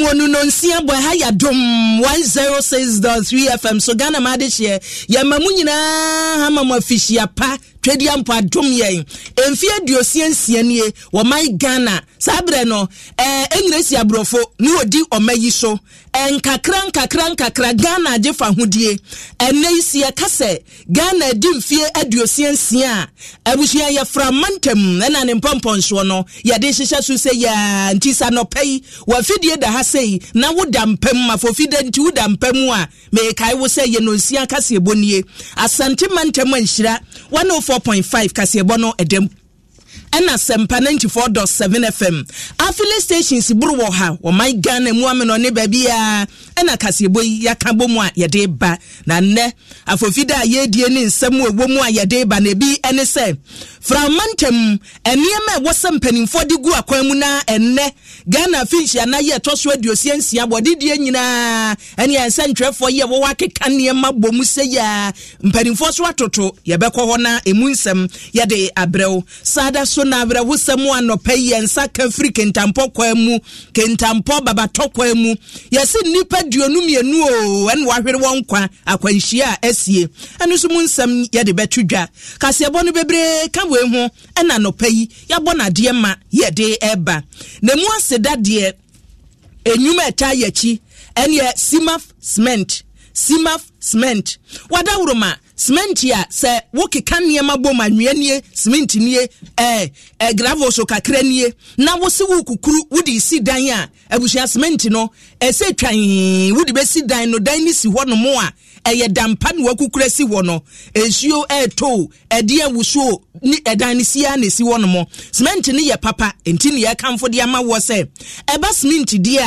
nwonu no nsia bɔ ɛha yɛ dom one zero six dot three fm so ghana maa de hyɛ yɛ ma mu nyinaa ha ma mu afihyia pa twɛdi ampo adom yɛn mfeɛ duosia nsia nie wɔman ghana saa berɛ no ɛɛ eh, enyina si aborɔfo ne odi ɔma yi so eh, nkakra nkakra nkakra ghana agye fa ahodie ɛnɛ yi si ɛka sɛ ghana adi mfeɛ aduosia nsia a abusua yɛfra mantam ɛna ne mpɔmpɔnsoɔ no yɛde hyehyɛ so sɛ yɛa nti sa nɔpɛ yi wɔafidie da ha sei na woda mpam afofida nti woda mpam a meekae wo sɛ yɛ nonsia kaseɛbɔ nie asante mantam anhyira One oh four point five. kaseɛbɔ no ɛdɛm ɛna sɛmpa ne nkyifoɔ dɔ seven fm afili stations boro wɔ ha wɔman ghana mu amena ɔne baabiaa ɛna kaseɛbɔ yi yɛaka bɔ mu a yɛde ba na nnɛ afofida a yɛdie ne nsɛm a ɛwɔ mu a yɛde ba na ebi ɛne sɛ frama ntɛm nneɛma a ɛwɔ sɛ mpanimfoɔ de gu akwan mu na ɛnnɛ ghana afinhyia na yɛ ɛtɔ so aduosia nsia bɔdedie nyinaa ɛne yɛn nsɛntwerɛfoɔ yi a wɔwɔ akeka nneɛma bɔ mu sɛ yia mpanimfoɔ so atoto yɛbɛkɔ hɔ na ɛmu nsɛm yɛde abrɛw saada so nso na awerɛwosɛm anɔpa yi yɛnsa ka firi kentampɔ kwan mu kentampɔ babatɔ kwan mu yɛsi nnipa duonu mmienu o ɛna wahwere wɔn kwa akwanhyia a asie ɛno nso mu nsɛm yɛde bɛto dwa kaseɛbɔ no bebree ka wei ho ɛna anɔpa yi yɛabɔ n'adeɛ ma yɛde ɛreba na mu aseda deɛ enyuma ɛta yɛ akyi ɛneɛ simaf cement simaf cement wadaworoma simenti a sɛ wokeka nneɛma bom anwea nie simenti nie ɛɛ ɛ gravel so kakra nie na wosi wo kukuru wodi si dan a abusua simenti no ɛsɛ twan wodi bɛsi dan no dan ne si hɔ nom a ɛyɛ dampa ne wakukura si hɔ no nsuo ɛɛtɔ ɛde awusuo ne ɛdan ni sia na esi hɔ nom simenti ne yɛ papa nti ne yɛkamfo de ama wɔ sɛ ɛba simenti deɛ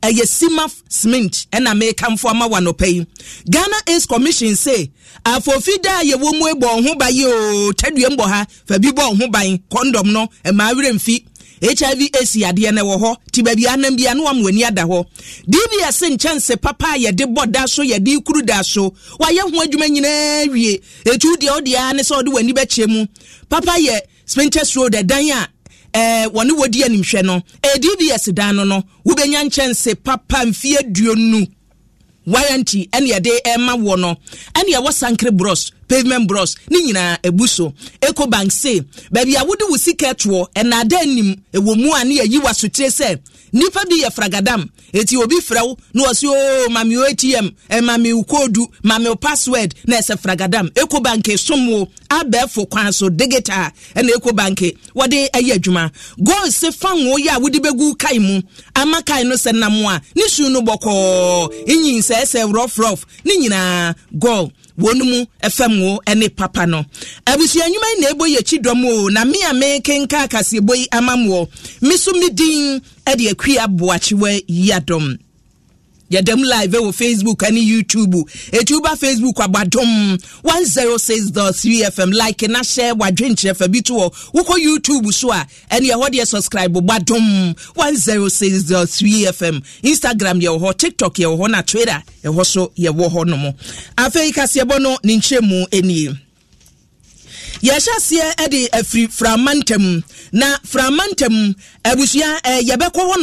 a ɛyɛ simaf cement ɛna mekamfo ama wa nɔpɛ yi ghana aids commission se afofi da a yɛwɔ mu ebɔ ɔho ba yi ooo tɛduam bɔ ha fabi bɔ ɔho ban kɔndɔm no ɛmaa werɛ mfi hiv AC adeɛ no wɔ hɔ nti baabi anam bia ne wam w'ani ada hɔ dbs nkyɛnse papa a yɛde bɔ da so yɛde kuru da so wayɛ ho adwuma nyinaa wie ɛtu deɛ wodeɛa ne sɛ wode w'ani bɛkyɛ mu papa yɛ spinchers road ɛdan a ɛɛ wɔne wɔdi animhwɛ no adbs dan no no wobɛnya nkyɛnse papa mfie duonu warranty ɛne yɛde ɛma wɔ no ɛne ɛwɔ sankere bros pavement bros ne nyinaa ɛbu so bank se baabi a wode wo sika toɔ ɛnaada anim ɛwɔ mu a ne yɛyi wasotire sɛ nipa bi yɛ fragadam eti obi frɛ wo na wɔsi ooo oh, maame o atm maame o koodu maame o password na ɛsɛ fragadam ecobank som wo abɛɛfo kwan so digital ɛna ecobank wɔde ɛyɛ adwuma goal se fango wo yɛ a wode bɛgu kae mu ama kae no sɛ nam a ne su no bɔkɔɔ enyi nsɛɛsɛ rɔfrɔf ne nyinaa goal wɔn mu ɛfɛm anwo ne papa no abusua nnwuma yi na ɛbɔ yɛ akyi dɔm o na me a mekenka akaseɛbɔ yi ama mmoɔ me so me din de akui aboakyewa yi adɔm yɛdɛm live wɔ facebook ne youtube ɛtu ba facebook abadom 106.3 fm like na hyɛ wadwenkyerɛ fa bi to hɔ wokɔ youtube so a ɛne ɛhɔ deɛ subscribe badom 106.3 fm instagram yɛwɔ hɔ tiktok yɛwɔ hɔ na twitter ɛhɔ so yɛwɔ hɔ no mu afei kaseɛbɔ no ne nkyerɛ mu nie yɛhyɛ aseɛ de afiri frama ntam na frama ntam abusua yɛbɛkɔ hɔ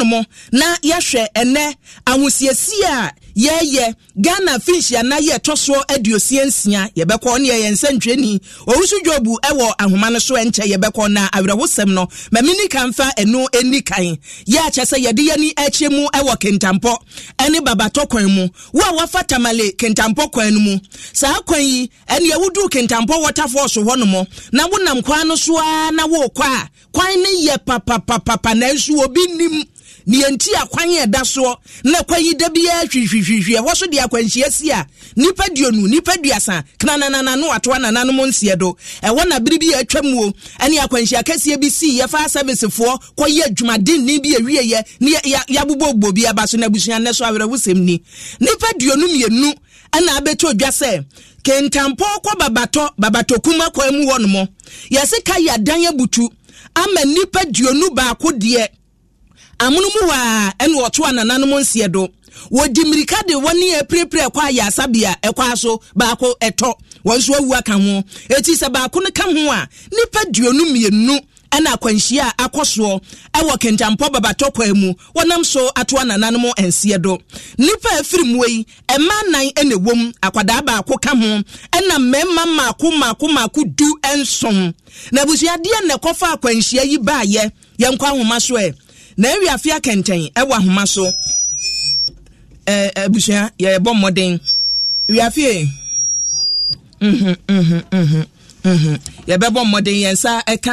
na yɛhwɛ ɛnɛ ahosiesie a yɛyɛ ghana finch ana yɛ ɛtɔ soɔ aduosia nsia yɛbɛkɔ ne yɛyɛ nsɛntwerɛni ɔwusu dwobu ɛwɔ ahoma no so ɛnkyɛ yɛbɛkɔ na awerɛhosɛm no mami ne kamfa ɛno ɛni kan yɛ sɛ yɛde yɛni akyɛ mu ɛwɔ kentampɔ ɛne babatɔ kwan mu wo a wafa tamale kentampɔ kwan no mu saa kwan yi ɛne ɛwoduu kentampɔ wɔtafoɔ hɔ nom na wonam kwan no so a na wɔrekɔ a kwan no yɛ papapapapa nanso obi nim ne yɛnti akwan yɛ da soɔ na kwayi da biara hwihwihwihwi ɛhɔ so de akwanhyia si a nipa duonu nipa duasa knananana no atoa nananom nseɛ do ɛwɔ na bere bi a atwa mu o ɛne akwanhyia kɛseɛ bi sii yɛfa asɛbisefoɔ kɔyɛ adwumadenni bi awieɛ ne yɛabobɔbɔ bi aba so na abusua nnɛ so awerɛwosɛm ni nipa duonu mmienu ɛna abɛtɔ dwa sɛ kentampɔ kɔ babatɔ babatɔkuma kwan mu hɔ nom yɛse ka yɛ adan abutu ama nipa duonu baako deɛ amonomu waa ɛna ɔto anananom nseɛ do wɔdi mmirika de wɔne apirapira ɛkɔ ayɛ asabea ɛkɔ e so baako ɛtɔ wɔn nso awu aka ho eti sɛ baako no ka ho a nipa duonu mmienu ɛna akwanhyia a akɔ soɔ ɛwɔ kentampɔ babatɔ kwan mu wɔnam so ato anananom nseɛ do nipa efiri mu yi mmaa nan ɛna ewom akwadaa baako ka ho ɛna mmarima mmaako mmaako mmaako du nson na abusuadeɛ na ɛkɔfa akwanhyia yi baayɛ yɛn kɔ ahoma so yɛ na ɛwi afi akɛntɛn ɛwɔ ahoma so ɛɛ abusua yɛbɔ mmɔden wiafie mhm, mhm, mhm, yɛbɛbɔ mmɔden yɛn nsa ɛka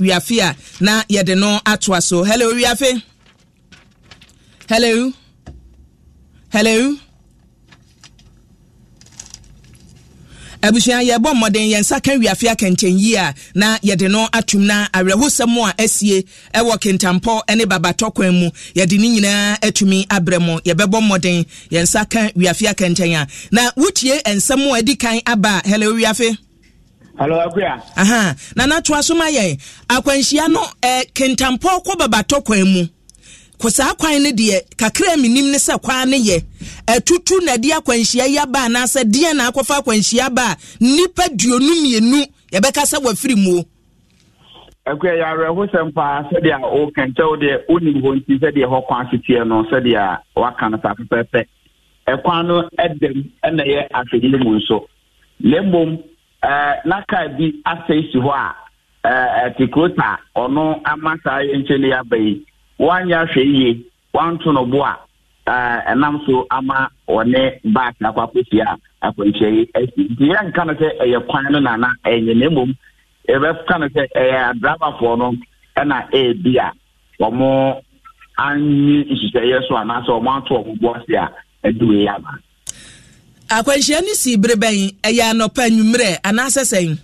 wiafe a na yɛde no atoa so hello wiafe hello hello. abusua yɛbɔ mmɔden yɛn nsa ka wiafe akɛnkyɛnyi a na yɛde no atum na awerɛhosɛm a asie ɛwɔ kentampɔ ne babatɔ mu yɛde ne nyinaa atumi abrɛ mu yɛbɛbɔ mmɔden yɛn nsa ka wiafe akɛnkyɛn a na wotie nsɛm a adi kan aba a hello wiafe hello akuya aha na natoa so ma yɛn akwanhyia no eh, kentampɔ kɔ babatɔ mu kwụsị kwan no deɛ kakra menim ne sɛ kwan no yɛ atutu na ɛde akwanhyia yi aba anaasɛ deɛ na akɔfa akwanhyia aba a nnipa duonu mmienu yɛbɛka sɛ wafiri muo ɛkɔ yɛ awerɛhosɛm paa sɛdeɛ wokɛnkyɛw deɛ wonim hɔ nti sɛdeɛ hɔ kwan seteɛ no sɛdeɛ waka no saa pɛpɛpɛ ɛkwan no ɛdam ɛna ɛyɛ ahwɛdeɛ mu nso na mmom eh, na kaa bi asɛe si hɔ a ɛtikota eh, eh, ɔno ama saa yɛnkyɛ no yɛ aba yi wanyị ahwɛ ihe wanto n'ụbụ a ɛnam so ama ɔne bak na akɔakɔsi a akwanhyia yi asi nti yɛnka no sɛ ɛyɛ kwan no nana ɛnyɛ na mmom yɛbɛka no sɛ ɛyɛ adrabafoɔ no ɛna ɛɛbi a ɔmo anyi nhyehyɛeɛ so anaasɛ ɔmo ato ɔmo bo ase a ɛde wei no si bere bɛn ɛyɛ anɔpa anwummerɛ anaasɛ sɛn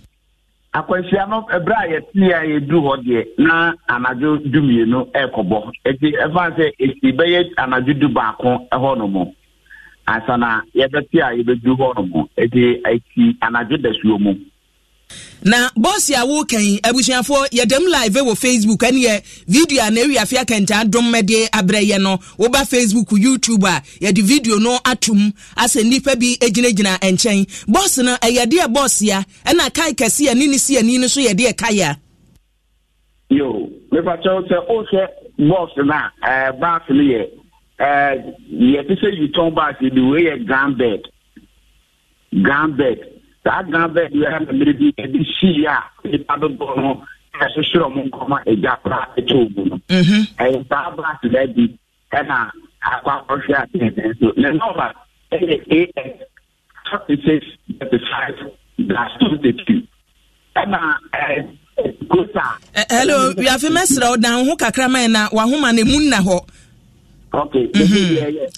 akwanhyia no ɛberɛ a yɛtee ya yɛduru hɔ deɛ na anadwo dumienu ɛrekɔbɔ nti ɛfa sɛ ɛsi bɛyɛ anadwo du baako ɛhɔ no mu ansa na yɛbɛte a yɛbɛduru hɔ no mu nti ɛsi anadwo dasuo mu na bɔsi a wokan abusuafoɔ yɛdɛm live wɔ facebook ɛne yɛ video a na ɛwi afi akɛntɛn adom mɛde abrɛ yɛ no woba facebook youtube a yɛde video no atum asɛ nnipa bi gyinagyina nkyɛn bɔsi no ɛyɛ deɛ bɔsi a ɛna kae kɛse a ne ne si ani no so yɛ kae a. yo mepa kyɛw sɛ o sɛ bɔsi na ɛɛ baasi no yɛ ɛɛ yɛ ti sɛ yutɔn baasi di o yɛ gan bed saa ghana bɛɛ biara na mmiri bi ɛbi sii a nipa dodoɔ no e e ɛsosorɔ e mu nkɔma egya koraa ɛkyɛ ogu no ɛyɛ saa baasi bɛɛ bi ɛna akɔ akɔhwɛ atɛnɛn so ne nɔɔba ɛyɛ as thirty six thirty five dash twenty two ɛna ɛɛ kuta. hello wiafe mɛsirɛ ɔdan ho kakra mɛn na wahoma na emu nna hɔ. ok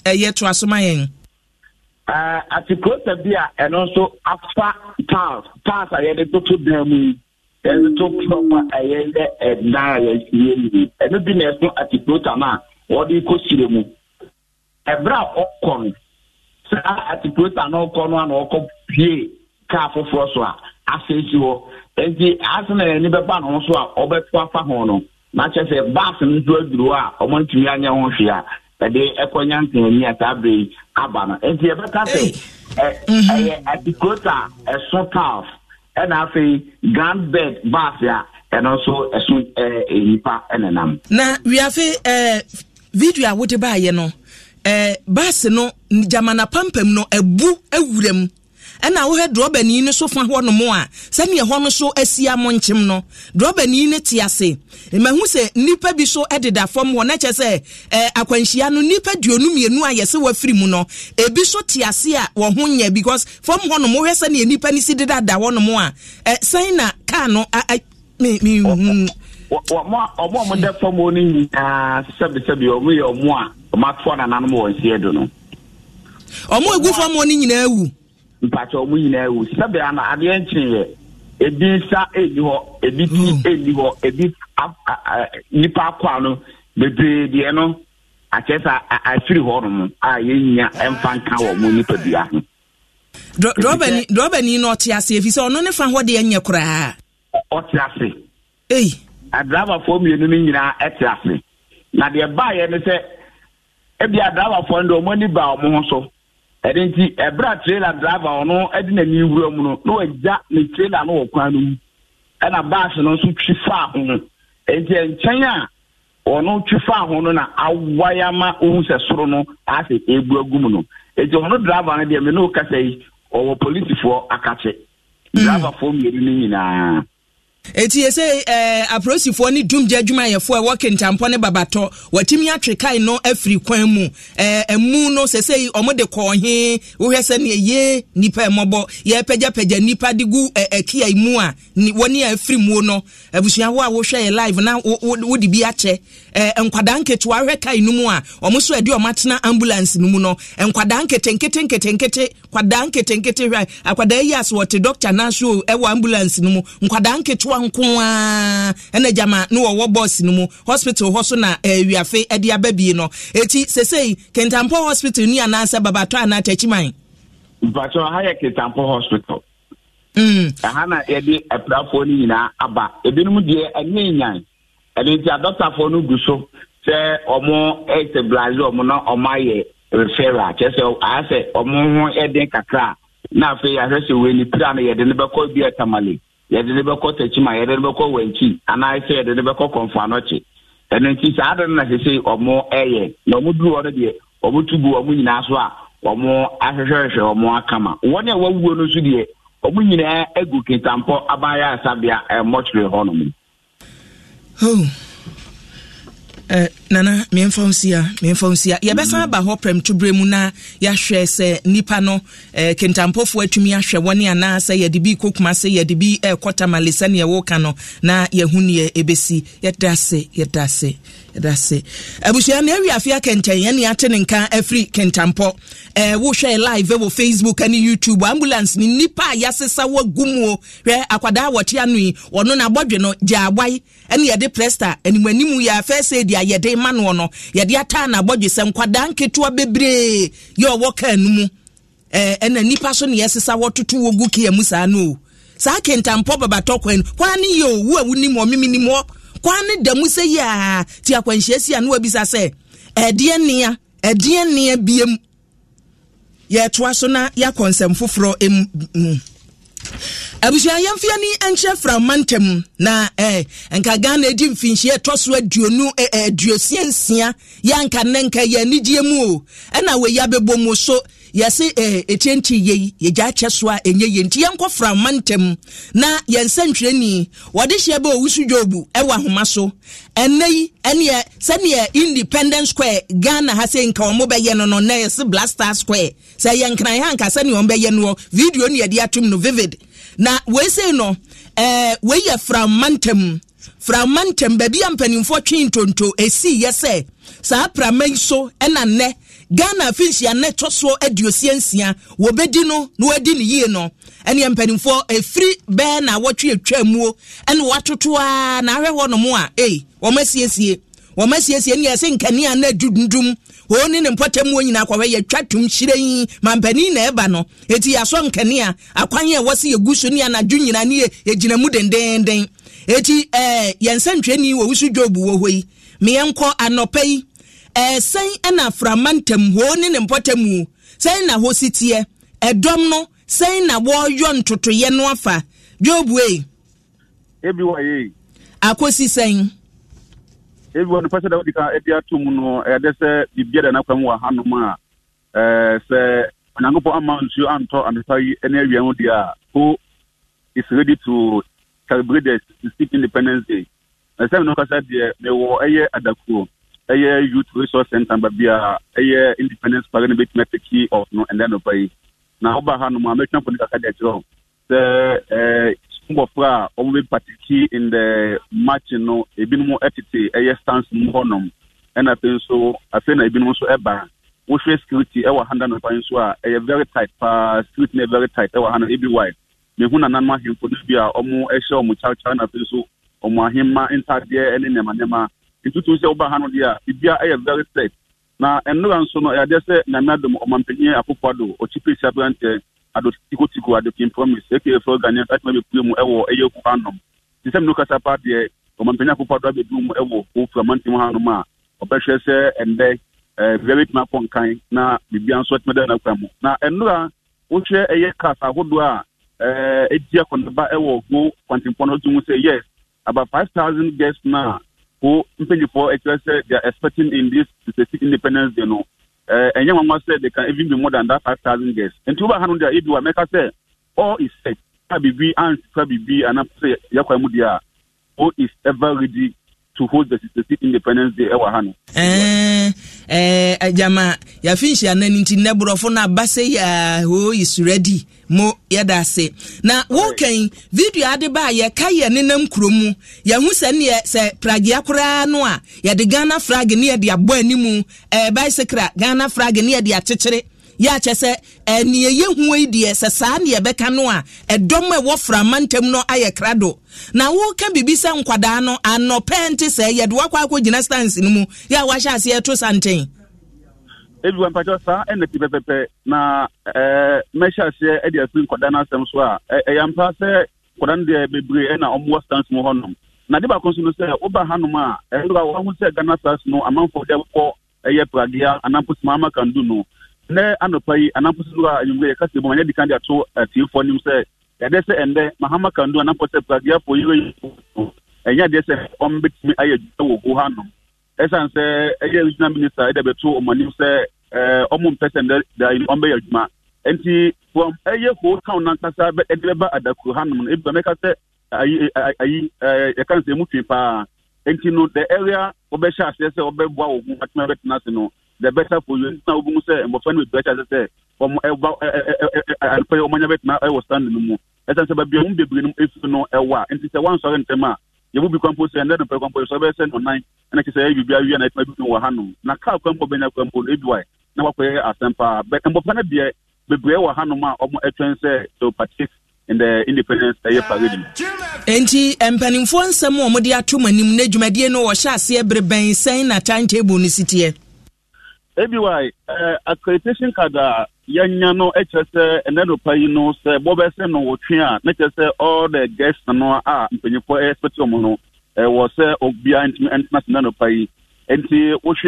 ɛyɛ to asoma yɛn. Eh, atikuleta bi a ɛno nso afa tans tans a yɛde toto dan mu yi yɛde to plɔm eh, eh, a ɛyɛ yɛ ɛdan a yɛahyia yi ɛno bi na ɛso e atikuleta no a wɔde kɔ sire mu ɛberɛ a ɔkɔ no saa atikuleta no ɔkɔ no a na ɔkɔ pie kaa foforɔ so a asɛsi hɔ nti ase na yɛn ani bɛba ne ho so a ɔbɛto afa ho no na kyerɛ sɛ baase no nso aduru a ɔmo ntumi anya ho hwee ɛde ɛkɔnya ntɛnni a saa bere yi aba no nti yɛbɛka sɛ ɛyɛ adekoto eh, a ɛso taaf ɛna afei grand bed baasi a ɛno nso ɛso ɛɛ nipa ɛnenam. na wiafe ɛɛ video a wode baayɛ no ɛɛ baasi no jamana pampam no ɛbu ewura mu. ɛna wohɛ so fa a sɛneɛ hɔ no so no te ase mahu sɛ nnipa bi so deda fam hɔ na sɛ akwanhyia no duonu mmienu a yɛsɛ wafiri mu no ebi so te ase a wɔn ho nyɛ because fam wohɛ sɛneɛ nnipa si deda da a sɛn na kaa no mehu hmm. ɔmo a ɔmo fam hɔ nyinaa sɛbisɛbi ɔmo yɛ ɔmo a ɔmo atoa nananom do no ɔmo egu fam hɔ mpakyɛ ɔmo nyinaa wu sɛbea na adịghị nkye nkyeeɛ ebi nsa eni hɔ ebi ti hmm. eni hɔ ebi nnipa akwa nọ bebree deɛ no akyɛ sɛ afiri hɔ nom a yɛnya mfa nka wɔ mo nipadua ho. dɔbɛni dɔbɛni na ɔte ase efi sɛ ɔno ne fa hɔ deɛ nyɛ koraa. ɔte ase. eyi. adrabafoɔ mmienu no nyinaa ɛte ase na deɛ baayɛ no sɛ ebi adrabafoɔ no deɛ ɔmo ani ba ɔmo ho so. ɛde nti ɛberɛ trailer driver ɔno de n'ani wura mu no na wagya ne trailer no wɔ kwan no mu ɛna baase no nso twi faa ho nti nkyɛn a ɔno twi faa ho no na awayama ohun sɛ soro no asɛ ebu agu mu no nti ɔno driver no deɛ me ne o kasa yi ɔwɔ polisifoɔ akakye hmm. driverfoɔ mmienu no nyinaa. ɛti yɛ sɛ eh, aprosifoɔ eh, ne dumgya adwumayɛfoɔ ɛwɔ kentampɔ ne babatɔ watumi atwe kae no afiri kwan mu eh, ɛmu no sɛ sɛ ɔmo de kɔɔhe wohwɛ sɛ ne ɛyɛ nipa ɛmmɔbɔ yɛpagyapagya nipa de gu ɛkia eh, eh, mu a wɔne a afiri muo no abusuawo a wohwɛ yɛ live na wode bi akyɛ eh, nkwadaa nketewa ahwɛ kae no mu a ɔmo so ɛde ɔmo atena ambulance no mu no nkwadaa nketenkete nketenkete kwadaa nketenkete hwɛ akwadaa yi asɔɔte doctor nanso ɛwɔ ambulance no mu nkwadaa nketewa nketewa nko ɛna gyama ne wɔwɔ bɔs no mu hospital hɔ so na awiafe de aba bie no ɛti sesei kentampɔ hospital ni anaasɛ anaa takyiman ha yɛ hospital mm. ɛha na yɛde apirafoɔ no nyinaa aba ebinom deɛ ɛne nyan nti adɔtafoɔ no gu so sɛ ɔmo ɔmo na ɔmo ayɛ kyerɛ sɛ ayɛ sɛ ɔmo ho ɛden kakra na afei sɛ yɛde ne bɛkɔ takyi a yɛde ne bɛkɔ wankyi anaasɛ yɛde ne bɛkɔ kɔnfo anɔkye ɛno nti saa ade no na sese ɔmo ɛyɛ na ɔmo duru hɔ no deɛ ɔmo tu gu ɔmo a ɔmo ahwehwɛhwɛ ɔmo akama wɔn a wɔawuo no nso deɛ ɔmo nyinaa kentampɔ Eh, nana mmeɛmfa wo si a mmeɛmfa wo yɛbɛsan aba hɔ prɛmtwoberɛ mu na yɛahwɛ sɛ nnipa no eh, kentampofoɔ atumi ahwɛ wɔne anaasɛ yɛde bi kokuma se yɛde bi ɛɛkɔ eh, tamale sɛneɛ ka no na yɛhu neɛ ɛbɛsi yɛda ase yɛda ase dase abusua na awi afia kɛntɛn yɛn ni ate ne nka afiri kɛntɛnpɔ ɛɛ eh, wohwɛ live wɔ facebook ne youtube ambulance ni nipa a yasesa wɔ gumu hwɛ akwadaa wɔte ano yi wɔno na abɔdwe no gya awae ɛne yɛde plester anim anim yɛ first aid a yɛde ma noɔ no yɛde ataa na abɔdwe sɛ nkwadaa nketewa bebree yɛ ɔwɔ kaa no mu ɛɛ eh, ɛna nipa so ne yɛsesa wɔtoto wɔ gu kia mu saa no o saa kentampɔ babatɔ kwan kwan ne yɛ owu a wunim wɔ mimi nim wɔ kwa ne da mu sɛ yi a ti akwanhyia si a ne wabisa sɛ ɛdeɛ nea ɛdeɛ nea biem yɛtoa so na yɛakɔ nsɛm foforɔ mu mm. abusua yɛmfia ni nkyerɛ frama ntam na eh, nka ghana adi mfinhyia ɛtɔ so aduonu aduosia nsia yɛ anka nnɛ nka yɛ anigyeɛ mu o ɛna wɔyi abɛbɔ mu so yɛse eh, ɛtiɛnti yei yɛgya akyɛ so a ɛnyɛ yie nti yɛnkɔ frama ntɛm na yɛnsa ntwerɛni wɔde hyɛ bɛ owusu dwobu ɛwɔ ahoma so ɛnɛ yi ɛneɛ sɛneɛ independent square ghana ha sɛ nka ɔmo bɛyɛ no no na yɛse blaster square sɛ yɛnkran ha nka sɛneɛ ɔmo bɛyɛ no video ne yɛde atom no vivid na wei no ɛɛ eh, wei yɛ frama ntɛm frama ntɛm baabi a mpanimfoɔ twe ntonto ɛsii yɛ sɛ saa prama yi so ɛna nnɛ ghana afinhyia nnɛ tɔ soɔ aduosia nsia wɔbɛdi no na wɔadi ne yie no ɛne mpanimfoɔ ɛfiri bɛɛ na wɔtwe atwa muo ɛne wɔatoto a na ahwɛ hɔ nom a ei wɔm asiesie wɔm asiesie ne yɛse nkanea na adudundum wɔn ne ne mpɔtamuo nyinaa kɔhɔ yɛtwa tum hyerɛn mampanin na ɛba no eti yɛasɔ nkanea akwan yɛ wɔsi yɛgu so ne anadwo nyinaa ne yɛgyina mu dendenden eti ɛɛ eh, yɛn nsɛntwɛni wɔ wusu dwobu wɔ hɔ yi mmeɛnkɔ anɔpɛ yi ɛɛ eh, sɛn ɛna frama ntɛmuo ne ne mpɔtɛmuo sɛn na hɔ si teɛ ɛdɔm no sɛn na wɔreyɔ ntotoyɛ no afa dwobu yi. ebi wɔ yie. akosi sɛn. ebi wɔ no pɛsɛ dɛ wɔde ka ebi ato mu no ɛyɛ sɛ biribi ɛda n'akɔm wɔ hanom a ɛɛ eh, sɛ onyankopɔn ama nsuo antɔ anepa yi ɛne awia ho deɛ a ko is ready to celebrate the sixteenth independence day ɛsɛm no kasa deɛ mewɔ ɛyɛ adakuo ɛyɛ youth resource Centre, baabi a ɛyɛ independence park no bɛtumi ataki off no ɛnɛ nɔpa yi na woba ha no mu a mɛtwa mfoni kaka de akyerɛ wo sɛ eh, mbɔfra a wɔn bɛ patiki in the march no ebinom ɛtete ɛyɛ stance mu hɔnom ɛna afei nso afei na ebinom nso ɛba wohwɛ security ɛwɔ ha ndanɔpa yi nso a ɛyɛ very tight paa security no yɛ very tight ɛwɔ ha no ebi wide mehu nananom ahemfo no bi a ɔmo ɛhyɛ ɔmo kyawkyaw na afei so ɔmo ahemma ntadeɛ ne nneɛma nneɛma ntutu sɛ woba ha no deɛ a ebia ɛyɛ very set na nnora eh, nso no ɛyadeɛ sɛ nyame adom ɔmampanyin akokɔ ado ɔkyipesi aberantɛ ado tikotiko adokin promise aka fo ghanaian atima bɛpue mu ɛwɔ ɛyɛ kupa anom te sɛ mene kasa deɛ ɔmampanyin akokɔ ado abɛduru mu ɛwɔ ɔfurama ntam ha nom a ɔbɛhwɛ sɛ ɛndɛ biribiara bɛtumi akɔ nkan na biribia nso atumi dɛ nakwan mu na nnora wohwɛ ɛyɛ cas ahodoɔ a ɛdi eh, akɔnaba ɛwɔ ko kwantempɔ no to mu sɛ yes about five thousand guests na ko mpanyinfoɔ ɛkyerɛ sɛ they are expecting in this specific independence day no ɛnyɛ nwanwa sɛ they can even be more than that five thousand guests nti wo ba ha no deɛ ebi wa mɛka sɛ all is set a bibi ansifa bibi anapɛ yakwa mu deɛ a all is ever ready to hold the specific independence day ɛwɔ ha no. ɛɛ eh, agyama eh, yɛafi nhyia no nti nnɛ borɔfo no aba sɛ yi a hoo oh, is ready mo yɛda ase na wokan video ade ba a yɛka yɛ nenam kuro mu yɛho sɛ ne yɛ sɛ pragea koraa no a yɛde ghana frag ne yɛde abɔ animu ɛɛ eh, bicycle ghana frag ne yɛde akyekyere yɛakyɛ sɛ ɛneɛ eh, yɛhua yi e deɛ sɛ saa ne yɛbɛka no a ɛdɔm e a e ɛwɔ frama ntam no ayɛ krado na woka biribi sɛ nkwadaa no anɔpɛ nte sɛ yɛde woakɔ akɔgyina stance no mu yɛ a wahyɛ aseɛ to santen ebiwa mpakyɛ saa ɛna ti pɛpɛpɛ na ɛɛ eh, mɛhyɛ aseɛ ɛde afiri nkwadaa no asɛm so a ɛyɛ mpa sɛ nkwadaa no deɛ bebree ɛna ɔmowɔ stance mu hɔnom na de baako nso no sɛ woba hanom a ɛnora wahu sɛ ghana stars no amanfoɔ de wokɔ ɛyɛ pradea anaa ama kan no ne anɔpa yi anampo so a anwummerɛ yɛka sɛ bɔmanyɛ di kan de ato atiefoɔ nim sɛ yɛdɛ sɛ ɛndɛ mahama kando anampɔ sɛ pradeafoɔ yi ɛnyɛ adeɛ sɛ ɔmbɛtumi ayɛ adwuma wɔ go ha no ɛsiane sɛ ɛyɛ regional minister ɛde bɛto ɔmanim sɛ ɔmo mpɛ sɛ ndɛ ɔmbɛyɛ adwuma nti fɔm ɛyɛ ho town nankasa ɛde bɛba adakuro ha nom no ebi mɛka sɛ ayi yɛka sɛ emu twe paa nti no the area wɔbɛhyɛ aseɛ sɛ wɔbɛboa wɔ ho atumi bɛtena ase no the better for you na ogun sɛ mbɔfra no better sɛ sɛ wɔn ɛba anpa yi wɔn anya bɛtena ɛwɔ stand no mu ɛsan sɛ baabi a wɔn bebree no efi no ɛwɔ a nti sɛ wansɔre ntɛm a yɛbu bi kwampo sɛ ɛnɛ nopɛ kwampo sɛ ɔbɛyɛ sɛ nɔnan ɛna kyerɛ sɛ ɛyɛ biribi awia na ɛtena bi wɔ ha nom na kaa kwampo bɛnya kwampo no ebi wae na wakɔyɛ asɛm paa bɛ mbɔfra no deɛ bebree wɔ ha nom ɛtwɛn sɛ to participate in the independence ɛyɛ parade mu. nti mpanimfoɔ nsɛm a wɔde ato mu anim na no wɔhyɛ aseɛ bere sɛn na timetable no si teɛ. ebiwai eh, accreditation card a yɛnya no kyerɛ sɛ ɛnɛ yi no sɛ bɔbɛsɛ no wɔtwe a na a mpanyinfoɔ ɛyɛ spɛtɛ mu no ɛwɔ sɛ ntumi sɛ ɛnɛ yi nti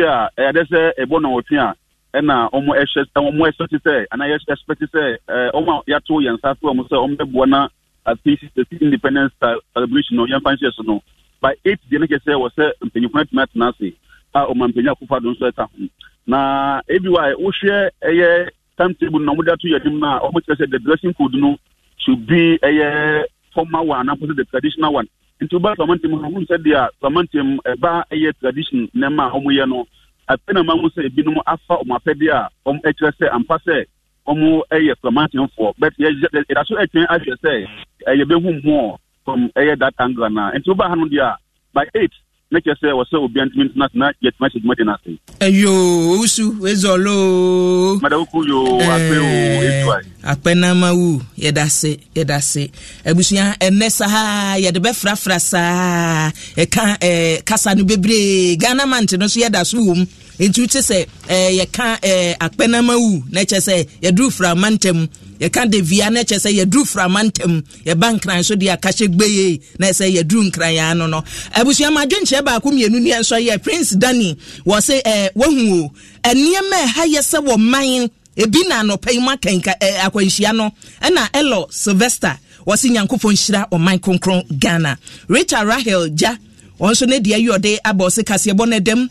a sɛ ɛbɔ na a ɛna wɔn ɛhyɛ wɔn ɛsɛte sɛ ɛsɛte sɛ ɛɛ na sisi independence uh, celebration no so no by eight deɛ a na ebi wa wohwɛ ɛyɛ timetable na wɔde ato yɛ na wɔn kyerɛ sɛ the dressing code no should be ɛyɛ formal one na the traditional one nti wɔba samantiam na wɔn sɛ deɛ ɛba ɛyɛ tradition nneɛma a wɔyɛ no na mahu sɛ ebinom afa wɔn apɛdeɛ a wɔn kyerɛ sɛ ampa sɛ wɔn yɛ samantiamfoɔ but yɛda so ɛtwɛn ahwɛ sɛ ɛyɛ bɛhu mu from ɛyɛ that angle na kyerɛ sɛ wɔsɛ obi antumi ntena tena yɛtuma hyɛ dwuma de ase ɛyo wosu wezɔlo madawoku yo apɛ o ɛtua apɛnama wu yɛda se eh, yɛda eh, se abusua ɛnɛ saa yɛde bɛfrafra saa ɛka kasa no bebree ghana mante no so yɛda so wom nti wote sɛ yɛka apɛnama wu na kyerɛ sɛ yɛduru fra mantam yɛka davia no kyɛ sɛ yɛduru frama ntam yɛba nkran so deɛ akahyɛ gbeye na ɛsɛ yɛduru nkran ano no abusuama adwenkyerɛ baako mmienu ne nso yɛ prince danny wɔ se eh, wahu o nneɛma ɛha yɛ sɛ wɔ man ebi na anɔpa yi mu akanka eh, akwanhyia no ɛna ɛlɔ sylvester wɔsi nyankopɔn nhyira ɔman kronkron ghana richard rahel gya wɔn nso ne deɛ yɔde abɔ ɔsi kaseɛbɔ ne dɛm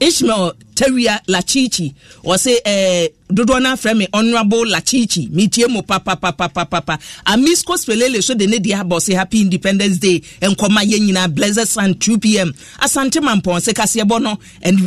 ishmael Teria lachichi wɔse eh, dodoɔ no afrɛ me honorable lachichi metie mu papapapapapa amisco spelele so de ne deɛ abɔ se happy independence day nkɔma yɛ nyinaa blessed sun 2 pm asante mampɔn se kaseɛbɔ no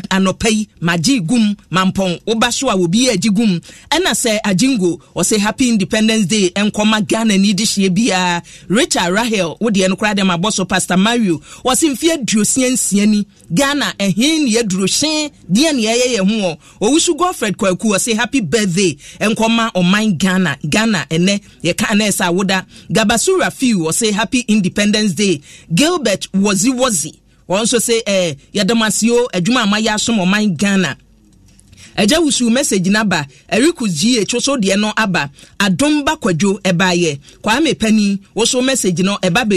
anɔpa yi magye gum mampɔn woba so a obi yɛ agye gum ɛna sɛ agingo wɔse happy independence day nkɔma ghana ni de hyeɛ biara richard rahel wodeɛ no koraa de mabɔ so pastor mario wɔse mfeɛ aduosia nsia ni ghana ɛhe ne yɛaduro hyee deɛ nea ɛyɛ yɛn ho owusu godfred kwaku ɔsɛ happy birthday nkɔma ɔman ghana ghana ɛnɛ yɛka ɛnɛ ɛsɛ awoda gabasu rafiu ɔsɛ happy independence day gilbert wɔziwɔzi wɔn nso sɛ ɛɛ yɛdɔmasio adwuma a mayɛ asom ɔman ghana ɛgya wusu message n'aba ɛriku gye etwoso deɛ no aba Adomba ba kwadwo ɛbaayɛ kwame panyin woso message no ɛba bɛ.